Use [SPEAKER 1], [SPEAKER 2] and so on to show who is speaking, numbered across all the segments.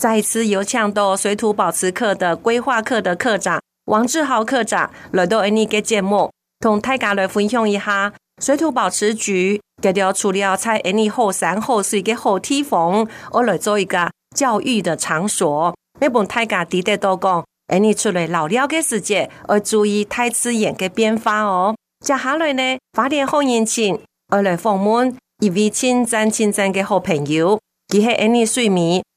[SPEAKER 1] 再一次有請到水土保持課的規劃課的科長王志豪科長來到安尼個節目，同大家來分享一下水土保持局格條除了才好在安尼後山後水個好地方，我來做一個教育的場所。每本大家記得多講，安尼出來老了個時節，要注意大自然嘅變化哦。接下來呢，發點好年輕我來訪問一位親真親真嘅好朋友，佢係安尼睡眠。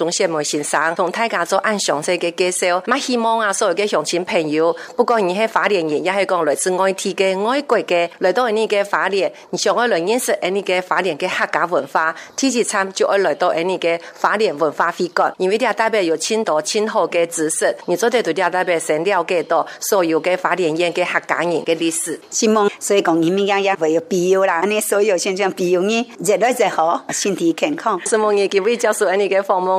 [SPEAKER 1] 仲謝梅先生同大家做按詳細嘅介紹，咁希望啊所有的鄉親朋友，不管你係花蓮人，亦是講來自外地嘅外國嘅，來到呢個花蓮，你想我認識呢個花蓮的客家文化，第一站就愛來到呢個花蓮文化會館，因為啲代表有千多千好的知識，而昨天就啲代表先了解到所有的花蓮人嘅
[SPEAKER 2] 客家人的歷史。希望所以講你們也會有必要啦，你所有現將必要呢，越來越好，身體健康。希望我嘅韋教授，你嘅訪問。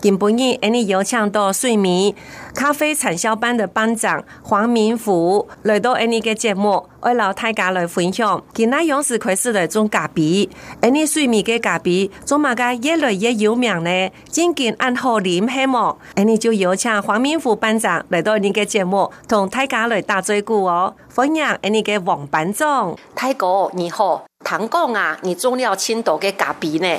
[SPEAKER 1] 今晡日，你邀請到睡眠咖啡產銷班的班長黃明福來到呢個節目，為了大家來分享，今那樣是開始來做咖啡，而你睡眠嘅咖啡做麼個越來越有名呢？真見按何臉黑毛，而你就邀請黃明福班長來到呢個節目，同大家來打嘴鼓哦。歡迎呢個王班長，太哥你好，唐工啊，你做了青島嘅咖啡呢？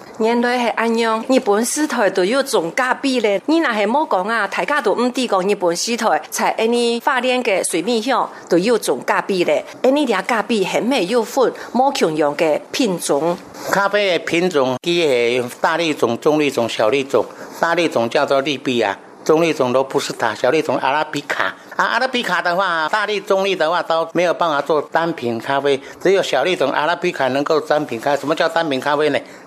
[SPEAKER 1] 原來是安樣，日本四頭都有種咖啡咧。你那是冇講啊？大家都唔知講日本四頭。在安尼花蓮嘅水蜜香都有種咖啡咧。安尼啲咖啡係美又分？冇常樣嘅品
[SPEAKER 3] 種。咖啡嘅品種，佢係大粒種、中粒種、小粒種。大粒種叫做利比亞，中粒種羅布斯塔，小粒種阿拉比卡啊。阿拉比卡的話，大粒、中粒的話都沒有辦法做單品咖啡，只有小粒種阿拉比卡能夠單品咖。什麼叫單品咖啡呢？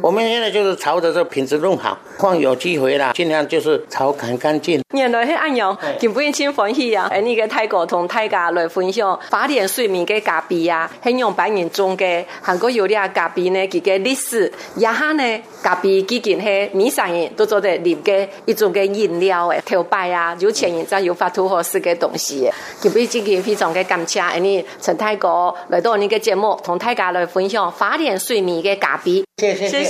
[SPEAKER 3] 我們現在就是朝着這品質弄好，況有機會啦，盡量就是朝乾乾淨。
[SPEAKER 1] 原來黑安樣，就不用先歡喜啊。哎，你個泰國同大家來分享，法典睡眠的咖啡啊，黑用百年中嘅韓國有倆咖啡呢，佮個歷史，然後呢，咖啡基金係美三人都做得立嘅一種的飲料的，頭擺啊，有錢人才有法土豪式的東西，佮比這個非常嘅感謝你，你從泰國來到你個節目，同大家來分享法典睡眠的咖啡。謝謝，謝謝。